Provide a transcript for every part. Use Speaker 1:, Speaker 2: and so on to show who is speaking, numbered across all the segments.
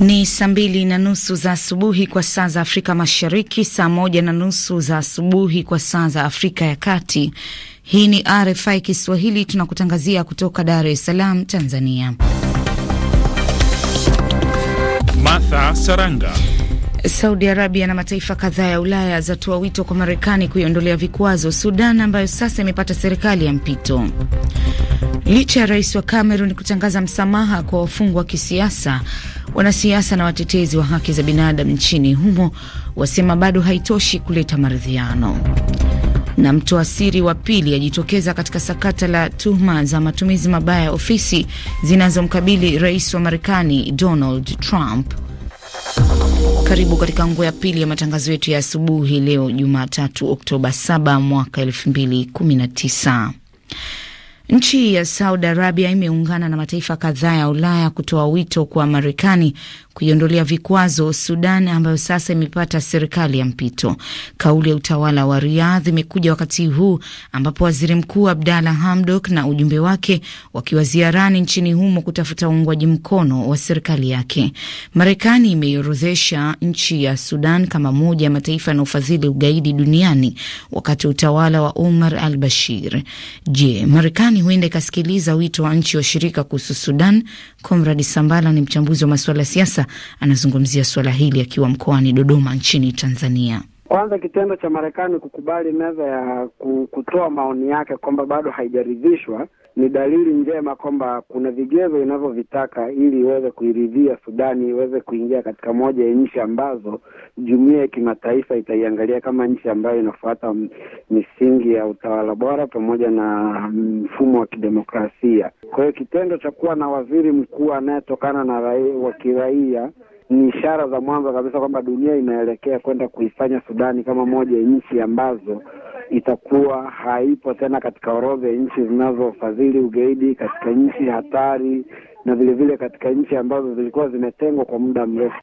Speaker 1: Ni saa mbili na nusu za asubuhi kwa saa za Afrika Mashariki, saa moja na nusu za asubuhi kwa saa za Afrika ya Kati. Hii ni RFI Kiswahili, tunakutangazia kutoka Dar es Salaam, Tanzania.
Speaker 2: Martha Saranga.
Speaker 1: Saudi Arabia na mataifa kadhaa ya Ulaya zatoa wito kwa Marekani kuiondolea vikwazo Sudan ambayo sasa imepata serikali ya mpito. Licha ya rais wa Cameroon kutangaza msamaha kwa wafungwa wa kisiasa, wanasiasa na watetezi wa haki za binadamu nchini humo wasema bado haitoshi kuleta maridhiano. Na mtoa siri wa pili ajitokeza katika sakata la tuhuma za matumizi mabaya ya ofisi zinazomkabili rais wa Marekani Donald Trump. Karibu katika nguo ya pili ya matangazo yetu ya asubuhi leo Jumatatu Oktoba 7 mwaka 2019. Nchi ya Saudi Arabia imeungana na mataifa kadhaa ya Ulaya kutoa wito kwa Marekani kuiondolea vikwazo Sudan ambayo sasa imepata serikali ya mpito. Kauli ya utawala wa Riyadh imekuja wakati huu ambapo waziri mkuu Abdalla Hamdok na ujumbe wake wakiwa ziarani nchini humo kutafuta uungwaji mkono wa serikali yake. Marekani imeiorodhesha nchi ya Sudan kama moja ya mataifa yanayofadhili ugaidi duniani wakati wa utawala wa Omar al Bashir. Je, Marekani huenda ikasikiliza wito wa nchi washirika kuhusu Sudan Comradi Sambala ni mchambuzi wa masuala ya siasa, anazungumzia suala hili akiwa mkoani Dodoma nchini Tanzania.
Speaker 3: Kwanza kitendo
Speaker 4: cha Marekani kukubali meza ya kutoa maoni yake kwamba bado haijaridhishwa ni dalili njema kwamba kuna vigezo inavyovitaka ili iweze kuiridhia Sudani iweze kuingia katika moja ya nchi ambazo jumuiya ya kimataifa itaiangalia kama nchi ambayo inafuata misingi ya utawala bora pamoja na mfumo wa kidemokrasia. Kwa hiyo kitendo cha kuwa na waziri mkuu anayetokana na rai wa kiraia ni ishara za mwanzo kabisa kwamba dunia inaelekea kwenda kuifanya Sudani kama moja ya nchi ambazo itakuwa haipo tena katika orodha ya nchi zinazofadhili ugaidi, katika nchi hatari, na vilevile vile katika nchi ambazo zilikuwa zimetengwa kwa muda mrefu.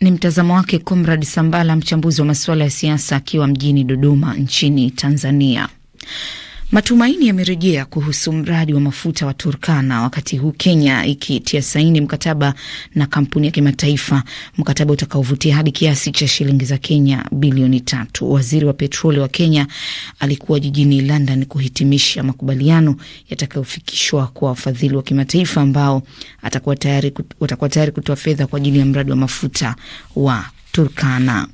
Speaker 1: Ni mtazamo wake Comrad Sambala, mchambuzi wa masuala ya siasa, akiwa mjini Dodoma nchini Tanzania. Matumaini yamerejea kuhusu mradi wa mafuta wa Turkana, wakati huu Kenya ikitia saini mkataba na kampuni ya kimataifa, mkataba utakaovutia hadi kiasi cha shilingi za Kenya bilioni tatu. Waziri wa petroli wa Kenya alikuwa jijini London kuhitimisha makubaliano yatakayofikishwa kwa wafadhili wa kimataifa ambao watakuwa tayari kutoa fedha kwa ajili ya mradi wa mafuta wa Turkana.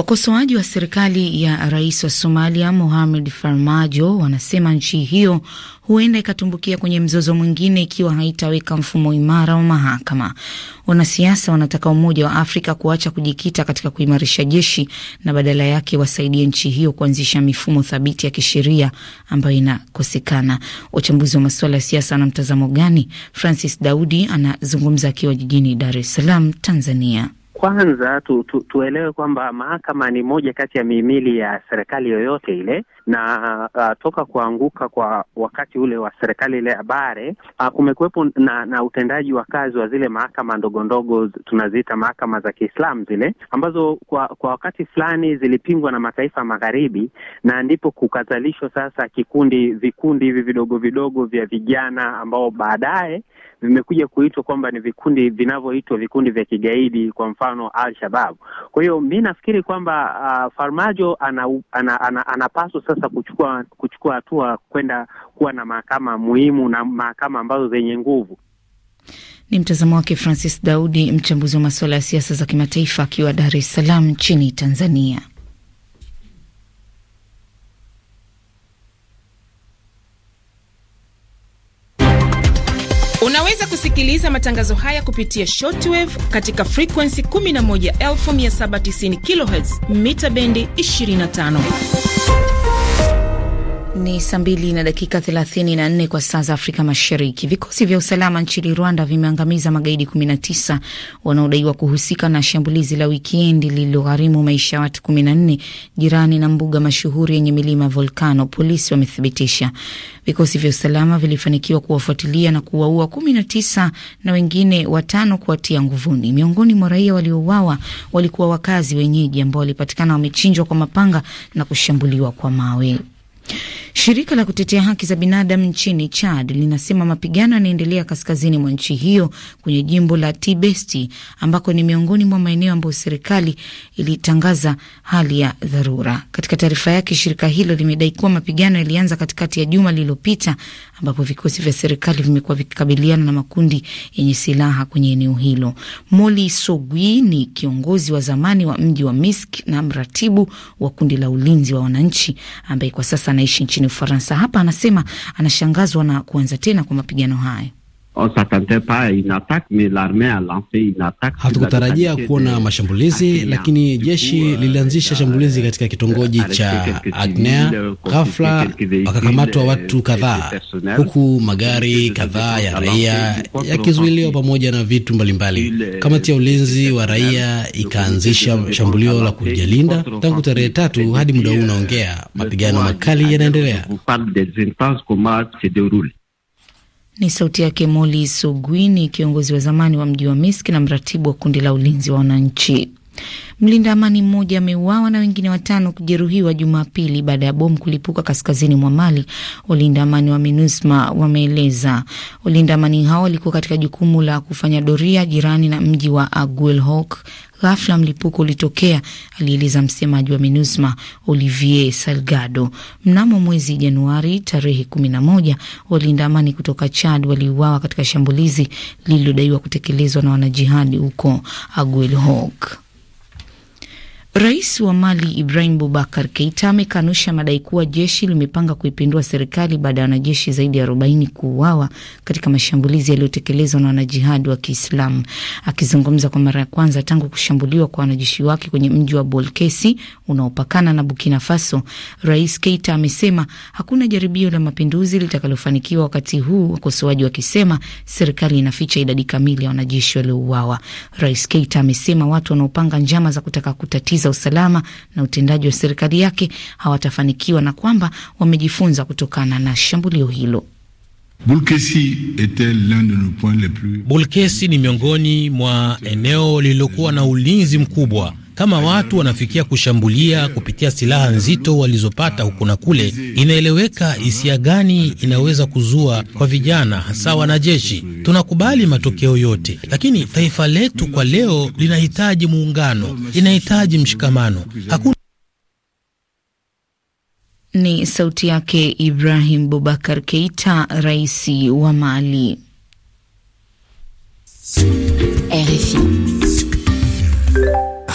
Speaker 1: Wakosoaji wa serikali ya rais wa Somalia Mohamed Farmajo wanasema nchi hiyo huenda ikatumbukia kwenye mzozo mwingine ikiwa haitaweka mfumo imara wa mahakama. Wanasiasa wanataka Umoja wa Afrika kuacha kujikita katika kuimarisha jeshi na badala yake wasaidie nchi hiyo kuanzisha mifumo thabiti ya kisheria ambayo inakosekana. Wachambuzi wa masuala ya siasa wana mtazamo gani? Francis Daudi anazungumza akiwa jijini Dar es Salaam, Tanzania.
Speaker 2: Kwanza tu, tu, tuelewe kwamba mahakama ni moja kati ya mihimili ya serikali yoyote ile na uh, toka kuanguka kwa wakati ule wa serikali ile ya Bare uh, kumekuwepo na, na utendaji wa kazi wa zile mahakama ndogo ndogo tunaziita mahakama za Kiislamu zile ambazo kwa, kwa wakati fulani zilipingwa na mataifa magharibi, na ndipo kukazalishwa sasa kikundi vikundi hivi vidogo vidogo vya vijana ambao baadaye vimekuja kuitwa kwamba ni vikundi vinavyoitwa vikundi vya kigaidi, kwa mfano Al Shabab. Kwa hiyo mi nafikiri kwamba uh, Farmajo anapaswa ana, ana, ana, ana sasa sasa kuchukua kuchukua hatua
Speaker 4: kwenda kuwa na mahakama muhimu na mahakama ambazo zenye nguvu.
Speaker 1: Ni mtazamo wake Francis Daudi, mchambuzi wa masuala ya siasa za kimataifa akiwa Dar es Salaam nchini Tanzania. Unaweza kusikiliza matangazo haya kupitia shortwave katika frekuensi 11790 kHz mita bendi 25. Ni saa mbili na dakika 34 kwa saa za Afrika Mashariki. Vikosi vya usalama nchini Rwanda vimeangamiza magaidi 19 wanaodaiwa kuhusika na shambulizi la wikendi lililogharimu maisha ya watu 14 jirani na mbuga mashuhuri yenye milima volkano, polisi wamethibitisha. Vikosi vya usalama vilifanikiwa kuwafuatilia na kuwaua 19 na wengine watano kuwatia nguvuni. Miongoni mwa raia waliouawa walikuwa wakazi wenyeji ambao walipatikana wamechinjwa kwa mapanga na kushambuliwa kwa mawe. Shirika la kutetea haki za binadamu nchini Chad linasema mapigano yanaendelea kaskazini mwa nchi hiyo kwenye jimbo la Tibesti ambako ni miongoni mwa maeneo ambayo serikali ilitangaza hali ya dharura. Katika taarifa yake, shirika hilo limedai kuwa mapigano yalianza katikati ya juma lililopita, ambapo vikosi vya serikali vimekuwa vikikabiliana na makundi yenye silaha kwenye eneo hilo. Moli Sogwi ni kiongozi wa zamani wa mji wa Misk na mratibu wa kundi la ulinzi wa wananchi ambaye kwa sasa anaishi nchini Ufaransa. Hapa anasema anashangazwa na kuanza tena kwa mapigano hayo
Speaker 4: on s'attendait pas à une attaque mais l'armée a lancé une attaque. Hatukutarajia kuona
Speaker 2: mashambulizi lakini jeshi euh,
Speaker 5: lilianzisha shambulizi katika kitongoji cha Agnea. Euh, Ghafla wakakamatwa euh, watu kadhaa, huku
Speaker 2: magari kadhaa ya raia yakizuiliwa pamoja na vitu mbalimbali. Kamati ya ulinzi wa raia ikaanzisha shambulio la kujalinda tangu tarehe tatu hadi muda huu unaongea, mapigano makali yanaendelea.
Speaker 1: Ni sauti yake Moli Sugwini, kiongozi wa zamani wa mji wa Miski na mratibu wa kundi la ulinzi wa wananchi. Mlinda amani mmoja ameuawa na wengine watano kujeruhiwa Jumapili baada ya bomu kulipuka kaskazini mwa Mali, walinda amani wa MINUSMA wameeleza. Walinda amani hao walikuwa katika jukumu la kufanya doria jirani na mji wa Aguelhok. Ghafla mlipuko ulitokea, alieleza msemaji wa MINUSMA Olivier Salgado. Mnamo mwezi Januari tarehe kumi na moja, walinda amani kutoka Chad waliuawa katika shambulizi lililodaiwa kutekelezwa na wanajihadi huko Aguelhok. Rais wa Mali Ibrahim Bubakar Keita amekanusha madai kuwa jeshi limepanga kuipindua serikali baada ya wanajeshi zaidi ya 40 kuuawa katika mashambulizi yaliyotekelezwa na wanajihadi wa Kiislamu. Akizungumza kwa mara ya kwanza tangu kushambuliwa kwa wanajeshi wake kwenye mji wa Bolkesi unaopakana na Burkina Faso, Rais Keita amesema hakuna jaribio la mapinduzi litakalofanikiwa, wakati huu wakosoaji wakisema serikali inaficha idadi kamili ya wanajeshi waliouawa. Rais Keita amesema watu wanaopanga njama za kutaka kutatiza za usalama na utendaji wa serikali yake hawatafanikiwa na kwamba wamejifunza kutokana
Speaker 2: na shambulio hilo. Bulkesi ni miongoni mwa eneo lililokuwa na ulinzi mkubwa kama watu wanafikia kushambulia kupitia silaha nzito walizopata huko na kule, inaeleweka hisia gani inaweza kuzua kwa vijana, hasa wanajeshi. Tunakubali matokeo yote, lakini taifa letu kwa leo linahitaji muungano, linahitaji mshikamano. Hakuna
Speaker 1: ni sauti yake Ibrahim bubakar Keita, rais wa Mali. RFI.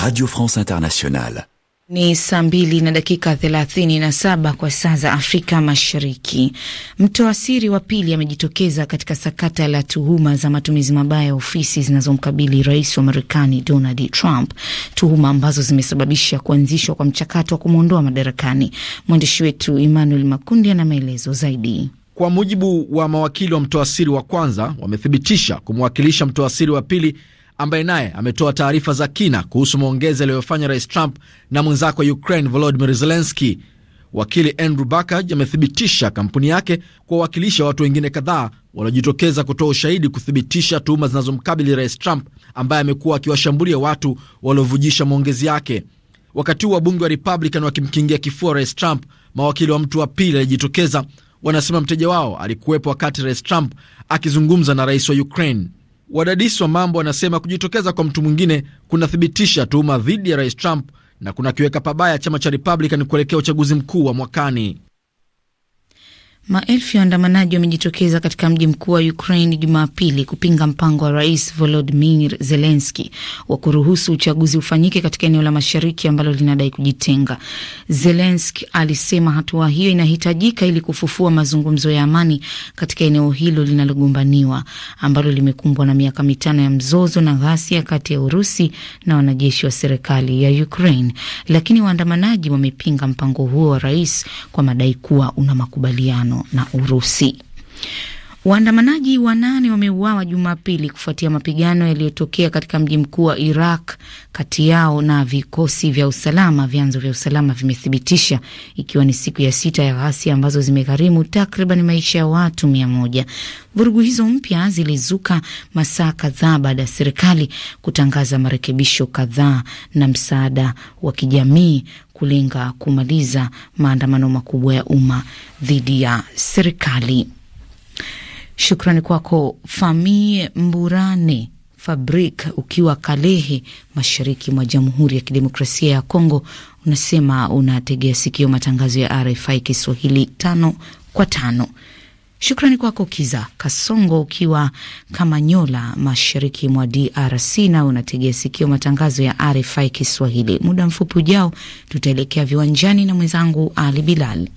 Speaker 1: Radio France Internationale. Ni saa mbili na dakika thelathini na saba kwa saa za Afrika Mashariki. Mtoa siri wa pili amejitokeza katika sakata la tuhuma za matumizi mabaya ya ofisi zinazomkabili rais wa Marekani Donald Trump, tuhuma ambazo zimesababisha kuanzishwa kwa mchakato wa kumwondoa madarakani. Mwandishi wetu Emmanuel Makundi ana maelezo
Speaker 5: zaidi. Kwa mujibu wa mawakili wa mtoa siri wa kwanza, wamethibitisha kumwakilisha mtoa siri wa pili ambaye naye ametoa taarifa za kina kuhusu maongezi aliyofanya Rais Trump na mwenzako wa Ukraine Volodimir Zelenski. Wakili Andrew Bakaj amethibitisha kampuni yake kuwawakilisha watu wengine kadhaa waliojitokeza kutoa ushahidi kuthibitisha tuhuma zinazomkabili Rais Trump, ambaye amekuwa akiwashambulia watu waliovujisha maongezi yake. Wakati huu wabunge wa Republican wakimkingia kifua Rais Trump, mawakili wa mtu wa pili alijitokeza, wanasema mteja wao alikuwepo wakati Rais Trump akizungumza na rais wa Ukraine. Wadadisi wa mambo wanasema kujitokeza kwa mtu mwingine kunathibitisha tuhuma dhidi ya rais Trump na kunakiweka pabaya chama cha Republican kuelekea uchaguzi mkuu wa mwakani.
Speaker 1: Maelfu ya waandamanaji wamejitokeza katika mji mkuu wa Ukraine Jumapili kupinga mpango wa rais Volodimir Zelenski wa kuruhusu uchaguzi ufanyike katika eneo la mashariki ambalo linadai kujitenga. Zelenski alisema hatua hiyo inahitajika ili kufufua mazungumzo ya amani katika eneo hilo linalogombaniwa ambalo limekumbwa na miaka mitano ya mzozo na ghasia kati ya Urusi na wanajeshi wa serikali ya Ukraine, lakini waandamanaji wamepinga mpango huo wa rais kwa madai kuwa una makubaliano na Urusi. Waandamanaji wanane wameuawa Jumapili kufuatia mapigano yaliyotokea katika mji mkuu wa Iraq kati yao na vikosi vya usalama, vyanzo vya usalama vimethibitisha, ikiwa ni siku ya sita ya ghasia ambazo zimegharimu takriban maisha ya watu mia moja. Vurugu hizo mpya zilizuka masaa kadhaa baada ya serikali kutangaza marekebisho kadhaa na msaada wa kijamii kulenga kumaliza maandamano makubwa ya umma dhidi ya serikali. Shukrani kwako Famie Mburane Fabrik, ukiwa Kalehe, mashariki mwa Jamhuri ya Kidemokrasia ya Kongo. Unasema unategea sikio matangazo ya RFI Kiswahili tano kwa tano. Shukrani kwako Kiza Kasongo ukiwa Kamanyola, mashariki mwa DRC, na unategea sikio matangazo ya RFI Kiswahili. Muda mfupi ujao tutaelekea viwanjani na mwenzangu Ali Bilal.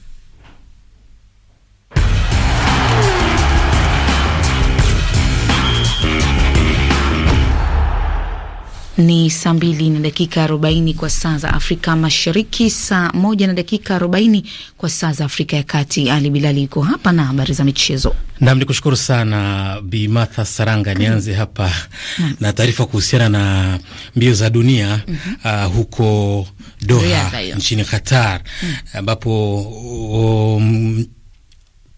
Speaker 1: Ni saa mbili na dakika arobaini kwa saa za Afrika Mashariki, saa moja na dakika arobaini kwa saa za Afrika ya Kati. Ali Bilali yuko hapa na habari za michezo.
Speaker 2: Nam, ni kushukuru sana Bi Martha Saranga. Mm-hmm. Nianze hapa na, na taarifa kuhusiana na mbio za dunia mm -hmm. uh, huko Doha nchini Qatar mm. ambapo mm.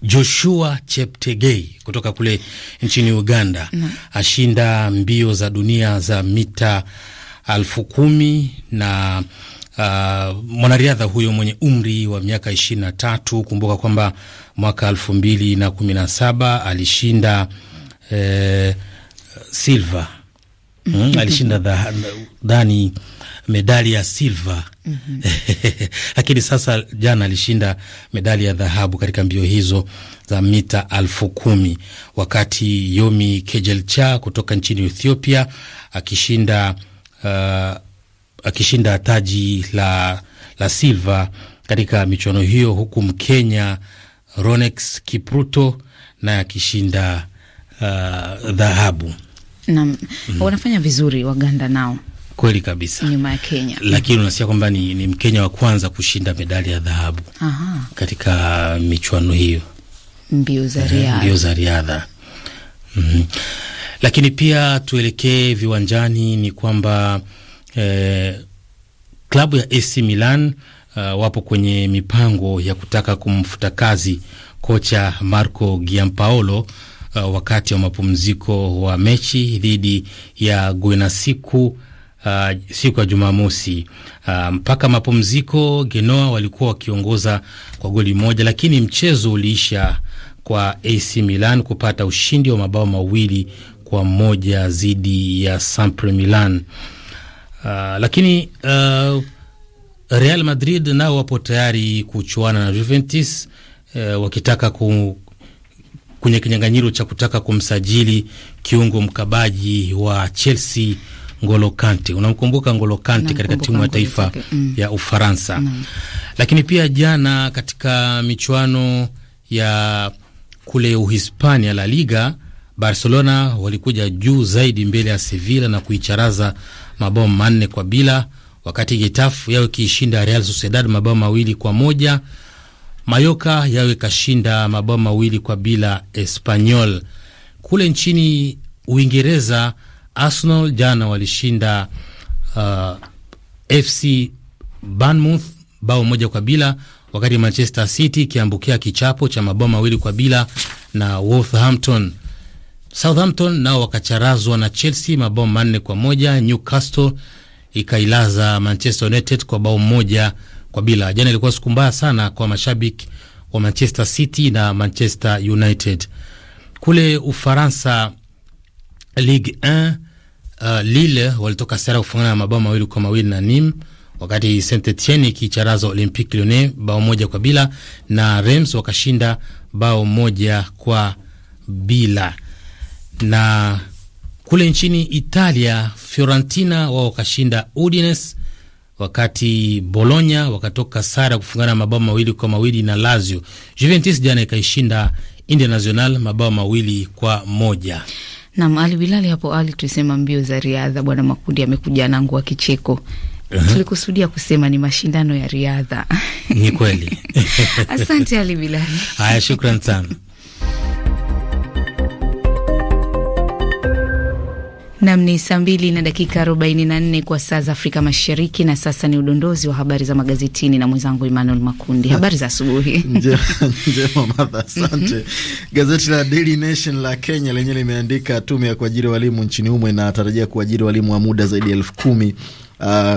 Speaker 2: Joshua Cheptegei kutoka kule nchini Uganda na mm-hmm. ashinda mbio za dunia za mita alfu kumi na uh, mwanariadha huyo mwenye umri wa miaka ishirini na tatu. Kumbuka kwamba mwaka elfu mbili na kumi na saba alishinda eh, silva Hmm, mm-hmm. alishinda dhani medali ya silva mm-hmm. lakini sasa jana alishinda medali ya dhahabu katika mbio hizo za mita alfu kumi wakati Yomi Kejelcha kutoka nchini Ethiopia akishinda uh, akishinda taji la, la silva katika michuano hiyo huku Mkenya Ronex Kipruto naye akishinda uh, dhahabu. Uh, na mm wanafanya
Speaker 1: vizuri Waganda nao
Speaker 2: kweli kabisa
Speaker 1: nyuma ya Kenya, lakini
Speaker 2: unasikia kwamba ni, ni Mkenya wa kwanza kushinda medali ya dhahabu katika michuano hiyo
Speaker 1: mbio za riadha, mbio za
Speaker 2: riadha. Mm -hmm. Lakini pia tuelekee viwanjani, ni kwamba eh, klabu ya AC Milan uh, wapo kwenye mipango ya kutaka kumfuta kazi kocha Marco Giampaolo uh, wakati wa mapumziko wa mechi dhidi ya siku Uh, siku ya Jumamosi uh, mpaka mapumziko Genoa walikuwa wakiongoza kwa goli moja, lakini mchezo uliisha kwa AC Milan kupata ushindi wa mabao mawili kwa moja dhidi ya Sampre Milan. Uh, lakini uh, Real Madrid nao wapo tayari kuchuana na Juventus uh, wakitaka ku, kwenye kinyang'anyiro cha kutaka kumsajili kiungo mkabaji wa Chelsea Ngolo Kante. Unamkumbuka Ngolo Kante katika timu ya taifa mm, ya Ufaransa mm. Lakini pia jana katika michuano ya kule Uhispania La Liga, Barcelona walikuja juu zaidi mbele ya Sevilla na kuicharaza mabao manne kwa bila, wakati Getafe yao ikiishinda Real Sociedad mabao mawili kwa moja Mayoka yawe kashinda mabao mawili kwa bila Espanyol. Kule nchini Uingereza, Arsenal jana walishinda uh, FC Bournemouth bao moja kwa bila, wakati Manchester City ikiambukia kichapo cha mabao mawili kwa bila na Wolverhampton. Southampton nao wakacharazwa na Chelsea mabao manne kwa moja. Newcastle ikailaza Manchester United kwa bao moja kwa bila. Jana ilikuwa siku mbaya sana kwa mashabiki wa Manchester City na Manchester United. Kule Ufaransa, Ligue 1, uh, Lille walitoka sera kufungana na mabao mawili kwa mawili na Nim, wakati Saint Etienne ikicharaza Olympique Lyonnais bao moja kwa bila na Reims wakashinda bao moja kwa bila. Na kule nchini Italia, Fiorentina wao wakashinda Udinese wakati Bologna wakatoka sare kufungana mabao mawili kwa mawili na Lazio. Juventus jana ikaishinda International mabao mawili kwa moja.
Speaker 1: Nam Ali Bilali, hapo ali tulisema mbio za riadha, bwana Makundi amekuja nangu wa kicheko tulikusudia kusema ni mashindano ya riadha.
Speaker 2: Ni kweli. Asante Ali Bilali. Haya, shukran sana.
Speaker 1: Nam ni saa mbili na dakika arobaini na nne kwa saa za Afrika Mashariki, na sasa ni udondozi wa habari za magazetini na mwenzangu Emmanuel Makundi. Habari
Speaker 5: za asubuhi. Njema madha, asante. Mhm. Gazeti la Daily Nation la Kenya lenyewe limeandika tume ya kuajiri walimu nchini humo inatarajia kuajiri walimu wa muda zaidi ya elfu kumi. Uh,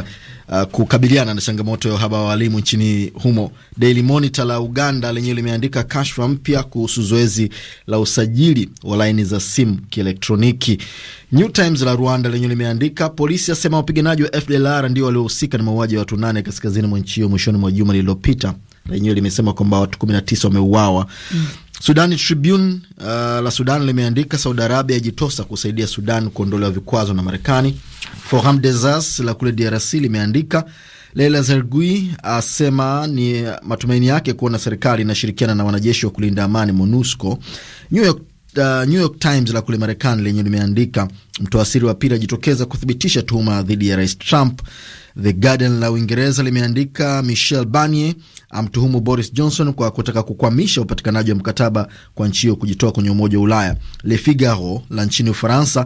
Speaker 5: uh, kukabiliana na changamoto ya uhaba wa walimu nchini humo. Daily Monitor la Uganda lenyewe limeandika kashfa mpya kuhusu zoezi la usajili wa laini za simu kielektroniki. New Times la Rwanda lenyewe limeandika polisi asema wapiganaji wa FDLR ndio waliohusika na mauaji ya watu nane kaskazini mwa nchi hiyo mwishoni mwa juma lililopita. Lenyewe limesema kwamba watu 19 wameuawa. mm. Sudan Tribune uh, la Sudan limeandika Saudi Arabia yajitosa kusaidia Sudan kuondolewa vikwazo na Marekani. Forum Desas la kule DRC limeandika Leila Zergui asema ni matumaini yake kuona serikali inashirikiana na wanajeshi wa kulinda amani MONUSCO. New York, uh, New York Times la kule Marekani lenye limeandika mtoasiri wa pili ajitokeza kuthibitisha tuhuma dhidi ya Rais Trump. The Guardian la Uingereza limeandika Michelle Barnier amtuhumu Boris Johnson kwa kutaka kukwamisha upatikanaji wa mkataba kwa nchi hiyo kujitoa kwenye Umoja wa Ulaya. Le Figaro la nchini Ufaransa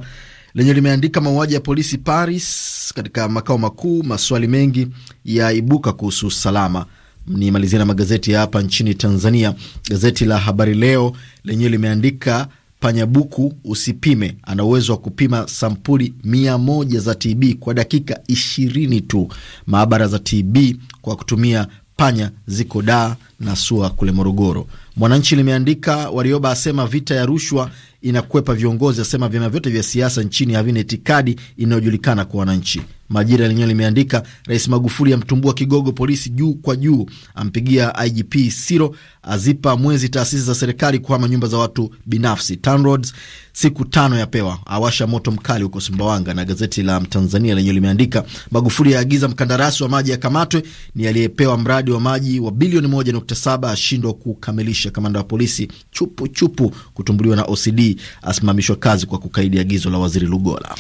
Speaker 5: lenye limeandika mauaji ya polisi Paris katika makao makuu, maswali mengi ya ibuka kuhusu usalama. Nimalizia na magazeti ya hapa nchini Tanzania. Gazeti la Habari Leo lenyewe limeandika Panyabuku usipime, ana uwezo wa kupima sampuli mia moja za TB kwa dakika ishirini tu. Maabara za TB kwa kutumia panya ziko daa na SUA kule Morogoro. Mwananchi limeandika Warioba asema vita ya rushwa inakwepa viongozi, asema vyama vyote vya siasa nchini havina itikadi inayojulikana kwa wananchi. Majira lenyewe limeandika Rais Magufuli amtumbua kigogo polisi juu kwa juu, ampigia IGP Siro, azipa mwezi taasisi za serikali kuhama nyumba za watu binafsi. TANROADS siku tano yapewa, awasha moto mkali huko Sumbawanga. Na gazeti la Mtanzania lenyewe limeandika Magufuli yaagiza mkandarasi wa maji akamatwe, ni aliyepewa mradi wa maji wa bilioni 1.7 ashindwa kukamilisha. Kamanda wa polisi chupu chupu kutumbuliwa na OCD asimamishwa kazi kwa kukaidi agizo la waziri Lugola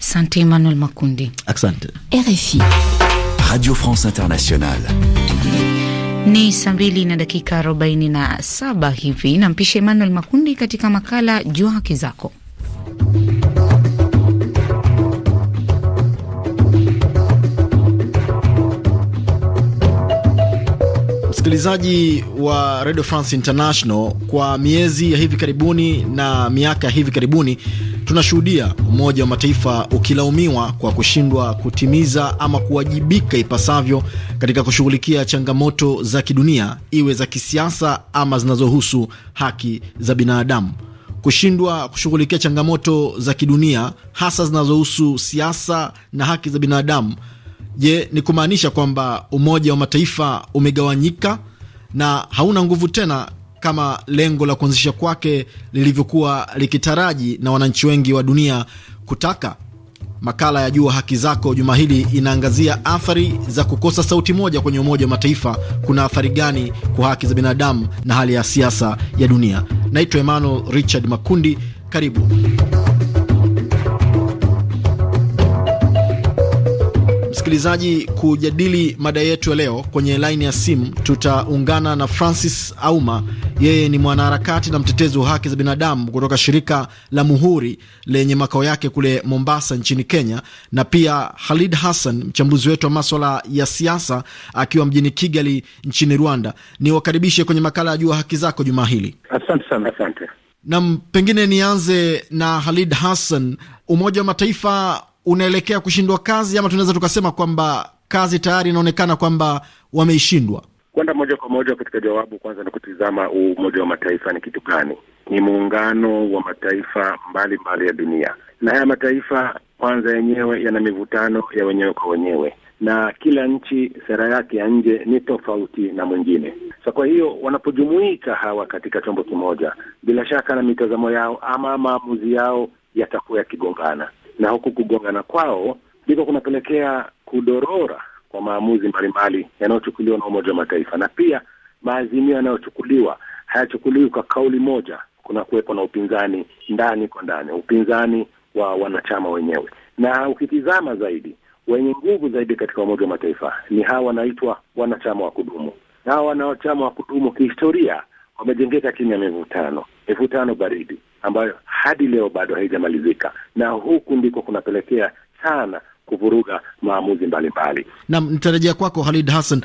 Speaker 1: sante Emmanuel Makundi. Asante. RFI
Speaker 5: Radio France Internationale.
Speaker 1: Ni saa mbili na dakika arobaini na saba hivi. Nampisha Emmanuel Makundi katika makala Jua Haki Zako.
Speaker 5: Msikilizaji wa Radio France International, kwa miezi ya hivi karibuni na miaka ya hivi karibuni tunashuhudia Umoja wa Mataifa ukilaumiwa kwa kushindwa kutimiza ama kuwajibika ipasavyo katika kushughulikia changamoto za kidunia, iwe za kisiasa ama zinazohusu haki za binadamu. Kushindwa kushughulikia changamoto za kidunia hasa zinazohusu siasa na haki za binadamu, je, ni kumaanisha kwamba Umoja wa Mataifa umegawanyika na hauna nguvu tena kama lengo la kuanzisha kwake lilivyokuwa likitaraji na wananchi wengi wa dunia kutaka. Makala ya Jua Haki Zako juma hili inaangazia athari za kukosa sauti moja kwenye Umoja wa Mataifa. Kuna athari gani kwa haki za binadamu na hali ya siasa ya dunia? Naitwa Emmanuel Richard Makundi, karibu. msikilizaji, kujadili mada yetu ya leo kwenye laini ya simu tutaungana na Francis Auma. Yeye ni mwanaharakati na mtetezi wa haki za binadamu kutoka shirika la Muhuri lenye makao yake kule Mombasa nchini Kenya, na pia Khalid Hassan, mchambuzi wetu wa maswala ya siasa akiwa mjini Kigali nchini Rwanda. Niwakaribishe kwenye makala ya Jua Haki Zako jumaa hili. Asante sana. Asante. Nam, pengine nianze na Khalid Hassan. Umoja wa Mataifa unaelekea kushindwa kazi, ama tunaweza tukasema kwamba kazi tayari inaonekana kwamba wameishindwa?
Speaker 4: Kwenda moja kwa moja katika jawabu, kwanza ni kutizama Umoja wa Mataifa ni kitu gani? Ni muungano wa mataifa mbalimbali mbali ya dunia, na haya mataifa kwanza yenyewe yana mivutano ya wenyewe kwa wenyewe na kila nchi sera yake ya nje ni tofauti na mwingine. So kwa hiyo wanapojumuika hawa katika chombo kimoja, bila shaka na mitazamo yao ama maamuzi yao yatakuwa yakigongana na huku kugongana kwao ndiko kunapelekea kudorora kwa maamuzi mbalimbali yanayochukuliwa na Umoja wa Mataifa, na pia maazimio yanayochukuliwa hayachukuliwi kwa kauli moja. Kuna kuwepo na upinzani ndani kwa ndani, upinzani wa wanachama wenyewe, na ukitizama zaidi, wenye nguvu zaidi katika Umoja wa Mataifa ni hawa wanaitwa wanachama wa kudumu, na hawa wanachama wa kudumu kihistoria wamejengeka chini ya mivutano, mivutano baridi ambayo hadi leo bado haijamalizika, na huku ndiko kunapelekea sana kuvuruga maamuzi mbalimbali.
Speaker 5: Naam, nitarejea kwako Halid Hassan.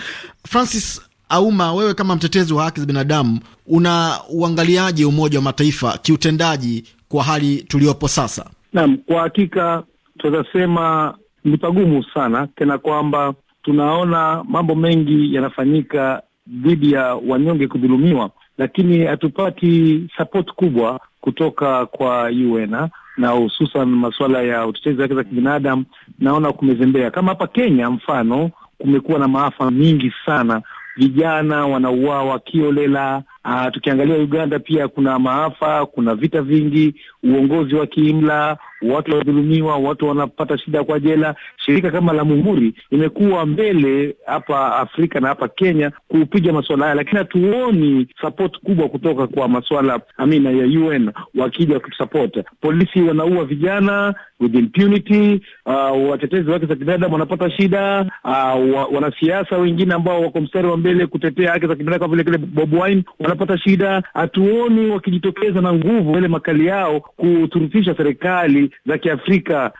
Speaker 5: Francis Auma, wewe kama mtetezi wa haki za binadamu, una uangaliaje Umoja wa Mataifa kiutendaji kwa hali tuliyopo sasa? Naam,
Speaker 3: kwa hakika tutasema ni pagumu sana, tena kwamba tunaona mambo mengi yanafanyika dhidi ya wanyonge kudhulumiwa, lakini hatupati support kubwa kutoka kwa UN ah, na hususan masuala ya utetezi wake za kibinadamu, naona kumezembea. Kama hapa Kenya mfano, kumekuwa na maafa mingi sana, vijana wanauawa kiolela Uh, tukiangalia Uganda pia kuna maafa, kuna vita vingi, uongozi wa kiimla, watu wanadhulumiwa, watu wanapata shida kwa jela. Shirika kama la Muhuri imekuwa mbele hapa Afrika na hapa Kenya kupiga masuala haya, lakini hatuoni support kubwa kutoka kwa masuala amina ya UN wakija kutusupport. Polisi wanaua vijana with impunity, uh, watetezi wake za kibinadamu wanapata shida, uh, wanasiasa wengine ambao wako mstari wa mbele kutetea haki za kibinadamu kama vile kile Wine wanapata shida, hatuoni wakijitokeza na nguvu ile makali yao kuturutisha serikali za Kiafrika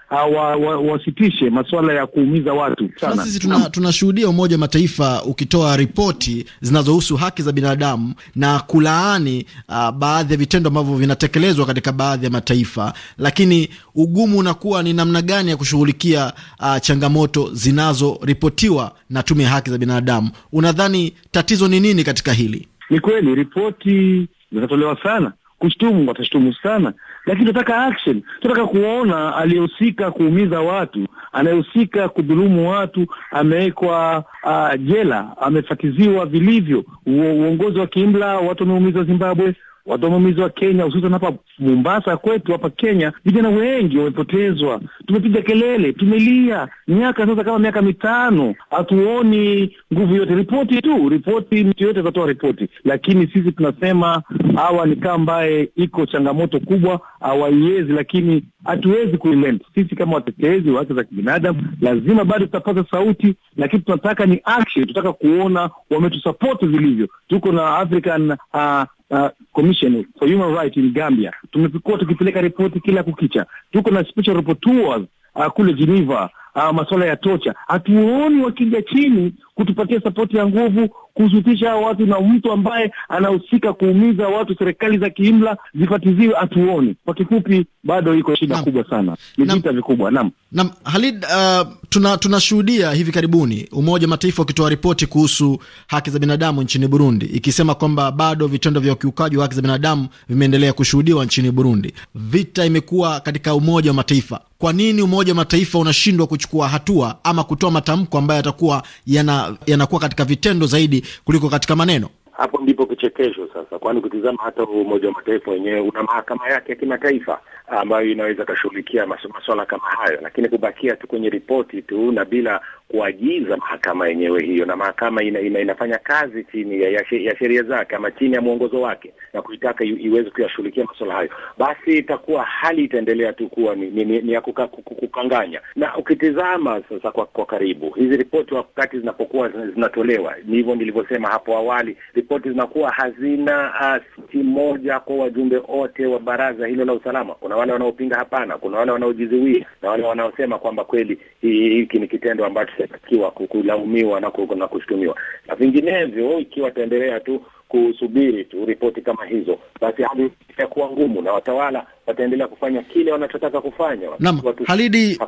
Speaker 3: wasitishe wa, wa masuala ya kuumiza watu sana. Sisi
Speaker 5: tunashuhudia tuna Umoja wa Mataifa ukitoa ripoti zinazohusu haki za binadamu na kulaani uh, baadhi ya vitendo ambavyo vinatekelezwa katika baadhi ya mataifa, lakini ugumu unakuwa ni namna gani ya kushughulikia uh, changamoto zinazoripotiwa na Tume ya Haki za Binadamu. Unadhani tatizo ni nini katika hili?
Speaker 3: Ni kweli ripoti zinatolewa sana, kushtumu watashtumu sana, lakini tunataka action, tunataka kuona aliyehusika kuumiza watu, anayehusika kudhulumu watu amewekwa uh, jela, amefatiziwa vilivyo, uongozi wa kimla watu wameumiza Zimbabwe Wadhamamizi wa Kenya hususan hapa Mombasa kwetu hapa Kenya, vijana wengi wamepotezwa. Tumepiga kelele, tumelia miaka sasa, kama miaka mitano, hatuoni nguvu yote. Ripoti tu ripoti, mtu yote atatoa ripoti, lakini sisi tunasema hawa ni kaa ambaye iko changamoto kubwa, hawaiwezi, lakini hatuwezi kuilenda Sisi kama watetezi wa haki za kibinadamu lazima bado tutapaza sauti, lakini tunataka ni action, tunataka kuona wametusapoti vilivyo. Tuko na African uh, uh, commission for human rights in Gambia. Tumekuwa tukipeleka ripoti kila kukicha, tuko na special rapporteurs uh, kule Geneva uh, masuala ya tocha, hatuoni wakija chini kutupatia sapoti ya nguvu kushukisha hao watu, na mtu ambaye anahusika kuumiza watu, serikali za
Speaker 5: kiimla zifatiziwe, hatuoni. Kwa kifupi, bado iko shida kubwa sana, ni vita vikubwa. Naam, naam, Halid, uh, tuna tunashuhudia hivi karibuni Umoja wa Mataifa ukitoa ripoti kuhusu haki za binadamu nchini Burundi ikisema kwamba bado vitendo vya ukiukaji wa haki za binadamu vimeendelea kushuhudiwa nchini Burundi. Vita imekuwa katika Umoja wa Mataifa. Kwa nini Umoja wa Mataifa unashindwa kuchukua hatua ama kutoa matamko ambayo yatakuwa yanakuwa yana katika vitendo zaidi kuliko katika maneno.
Speaker 4: Hapo ndipo kichekesho sasa, kwani ukitizama hata Umoja wa Mataifa wenyewe una mahakama yake ya kimataifa ambayo inaweza kashughulikia masuala kama hayo, lakini kubakia tu kwenye ripoti tu na bila kuagiza mahakama yenyewe hiyo, na mahakama ina, ina, inafanya kazi chini ya, ya sheria zake ama chini ya mwongozo wake, na kuitaka iweze kuyashughulikia masuala hayo, basi itakuwa hali itaendelea tu kuwa ni, ni, ni, ni ya kukanganya. Na ukitizama sasa kwa, kwa karibu hizi ripoti wakati zinapokuwa zinatolewa, ni hivyo nilivyosema hapo awali ripoti zinakuwa hazina uh, siti moja kwa wajumbe wote wa baraza hilo la usalama. Kuna wale wanaopinga hapana, kuna wale wanaojizuia na wale wanaosema kwamba kweli hiki ni kitendo ambacho kinatakiwa kulaumiwa na, na kushutumiwa na vinginevyo, ikiwa taendelea tu kusubiri tu ripoti kama hizo, basi hali itakuwa ngumu na watawala wataendelea kufanya kile wanachotaka kufanya. Naam, Halidi,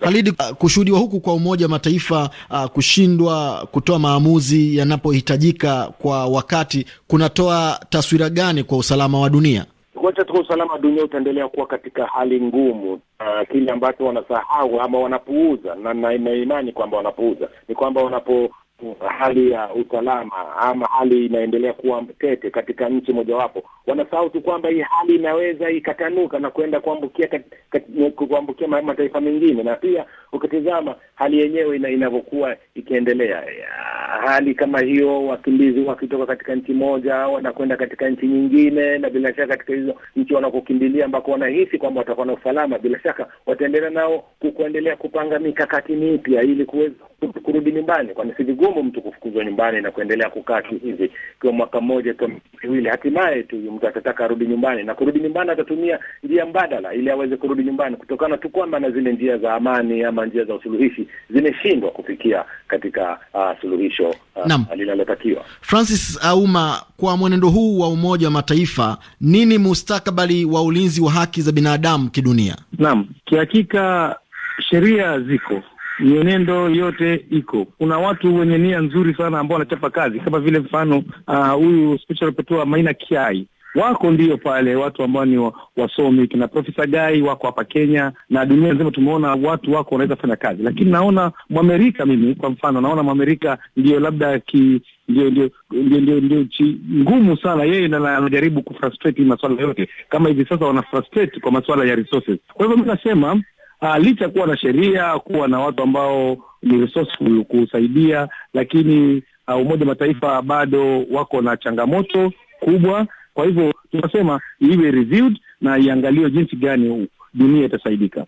Speaker 5: Halidi, uh, kushuhudiwa huku kwa Umoja wa Mataifa uh, kushindwa kutoa maamuzi yanapohitajika kwa wakati kunatoa taswira gani kwa usalama wa dunia?
Speaker 4: Kuacha tu usalama wa dunia utaendelea kuwa katika hali ngumu. Uh, kile ambacho wanasahau ama wanapuuza, na na imani kwamba wanapuuza, ni kwamba wanapo hali ya usalama ama hali inaendelea kuwa tete katika nchi mojawapo, wanasahau tu kwamba hii hali inaweza ikatanuka na kuenda kuambukia kat, kat, kuambukia mataifa mengine, na pia ukitizama hali yenyewe ina, inavyokuwa ikiendelea, hali kama hiyo, wakimbizi wakitoka katika nchi moja wanakwenda katika nchi nyingine, na bila shaka katika hizo nchi wanakokimbilia ambako wanahisi kwamba watakuwa na usalama, bila shaka wataendelea nao kuendelea kupanga mikakati mipya ili kuweza kurudi nyumbani, kwani si vigumu mtu kufukuzwa nyumbani na kuendelea kukaa tu hivi ikiwa mwaka mmoja, kwa miwili. Hatimaye tu mtu atataka arudi nyumbani, na kurudi nyumbani atatumia njia mbadala ili aweze kurudi nyumbani, kutokana tu kwamba na zile njia za amani ama njia za usuluhishi zimeshindwa kufikia katika uh, suluhisho uh, linalotakiwa.
Speaker 5: Francis Auma, kwa mwenendo huu wa Umoja wa Mataifa, nini mustakabali wa ulinzi wa haki za binadamu kidunia? Naam, kihakika
Speaker 3: sheria ziko mienendo yote iko. Kuna watu wenye nia nzuri sana ambao wanachapa kazi, kama vile mfano ah, huyu uh, special Maina Kiai wako ndio pale watu ambao ni wasomi kina Profesa Gai wako hapa Kenya na dunia nzima, tumeona watu wako wanaweza fanya kazi, lakini naona Mwamerika, mimi kwa mfano, naona Mwamerika ndio labda ki ndio ndio ndio ndio nchi ngumu sana. Yeye anajaribu kufrustrate masuala yote, kama hivi sasa wana frustrate kwa masuala ya resources. Kwa hivyo mi nasema uh, licha kuwa na sheria kuwa na watu ambao ni resourceful kusaidia, lakini uh, Umoja Mataifa bado wako na changamoto kubwa. Kwa hivyo tunasema iwe reviewed na iangaliwe jinsi gani dunia itasaidika.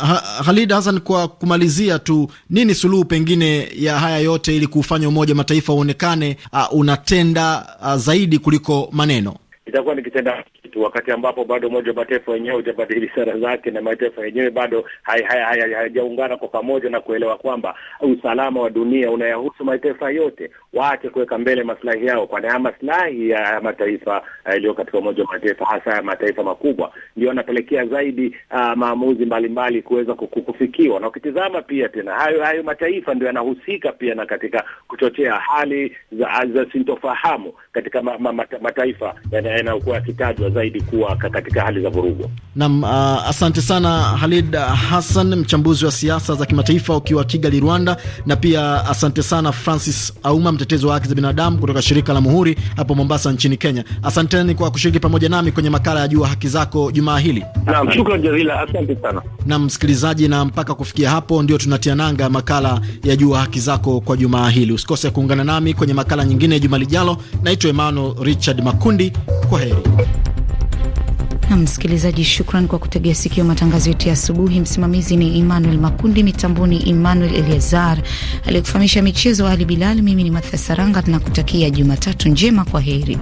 Speaker 5: ha, halid Hassan, kwa kumalizia tu, nini suluhu pengine ya haya yote ili kuufanya Umoja Mataifa uonekane uh, unatenda uh, zaidi kuliko maneno?
Speaker 4: itakuwa ni kitenda kitu, wakati ambapo bado Umoja wa Mataifa wenyewe hujabadili sera zake na mataifa yenyewe bado hayajaungana kwa pamoja na kuelewa kwamba usalama wa dunia unayahusu mataifa yote. Waache kuweka mbele maslahi yao, kwani haya maslahi ya mataifa eh, yaliyo katika Umoja wa Mataifa, hasa ya mataifa makubwa, ndio yanapelekea zaidi uh, maamuzi mbalimbali kuweza kufikiwa. Na ukitizama pia tena hayo hayo mataifa ndio yanahusika pia na katika kuchochea hali za, za sintofahamu katika ma, ma, mataifa yana yanayokuwa yakitajwa zaidi kuwa katika hali za vurugu.
Speaker 5: Naam, uh, asante sana Halid Hassan, mchambuzi wa siasa za kimataifa ukiwa Kigali, Rwanda, na pia asante sana Francis Auma, mtetezi wa haki za binadamu kutoka shirika la Muhuri hapo Mombasa nchini Kenya. Asanteni kwa kushiriki pamoja nami kwenye makala ya Jua Haki Zako jumaa hili. Naam,
Speaker 3: shukrani jazila, asante sana.
Speaker 5: Naam, msikilizaji, na mpaka kufikia hapo ndio tunatia nanga makala ya Jua Haki Zako kwa jumaa hili. Usikose kuungana nami kwenye makala nyingine juma lijalo. Naitwa Emmanuel Richard Makundi. Kwa heri.
Speaker 1: Na msikilizaji, shukran kwa kutegea sikio matangazo yetu ya asubuhi. Msimamizi ni Emmanuel Makundi, mitamboni Emmanuel Eliazar, aliyekufahamisha michezo Ali Bilal. Mimi ni Matha Saranga, tunakutakia Jumatatu njema. Kwa heri.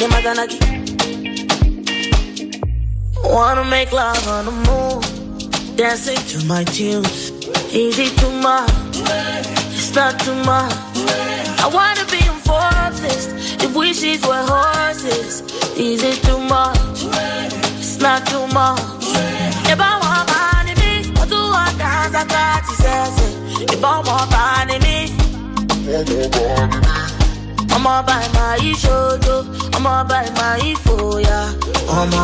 Speaker 6: and in my Ganagi. Wanna make love on the moon, dancing to my tunes. Easy too much, it's not too much. I wanna be in forest if wishes were horses. Easy too much, it's not too much. About want money, me, I do all kinds of practices. About want money, me my ọmọ ọba ìmọ̀ ìṣòdo ọmọ ọba ìmọ̀ ìfòyà ọmọ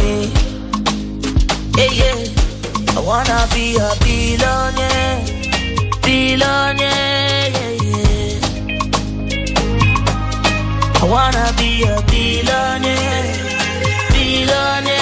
Speaker 6: me, yeah, yeah. I wanna be a billionaire, billionaire. Yeah, yeah. I wanna be a billionaire, billionaire.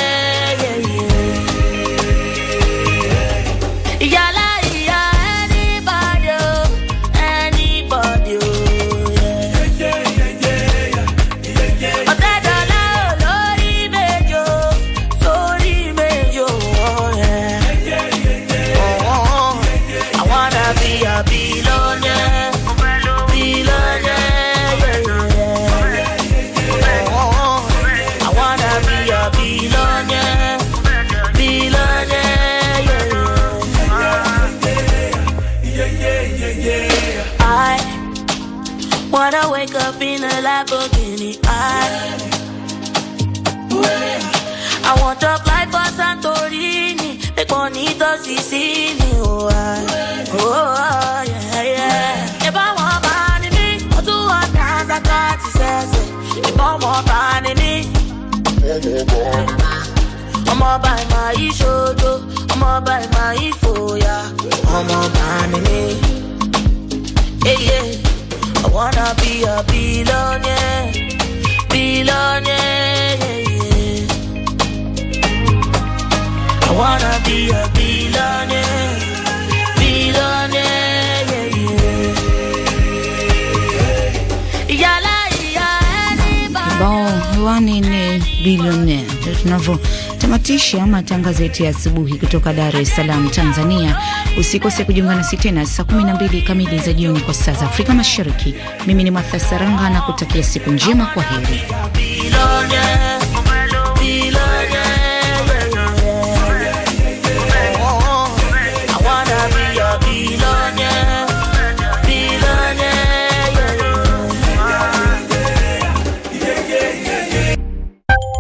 Speaker 6: money. Yeah,
Speaker 1: Bon, one in a billionaire. Tunatamatisha matangazo yetu ya asubuhi kutoka Dar es Salaam, Tanzania. Usikose kujiunga nasi tena saa 12 kamili za jioni kwa saa za Afrika Mashariki. Mimi ni Martha Saranga na kutakia siku njema. Kwa heri.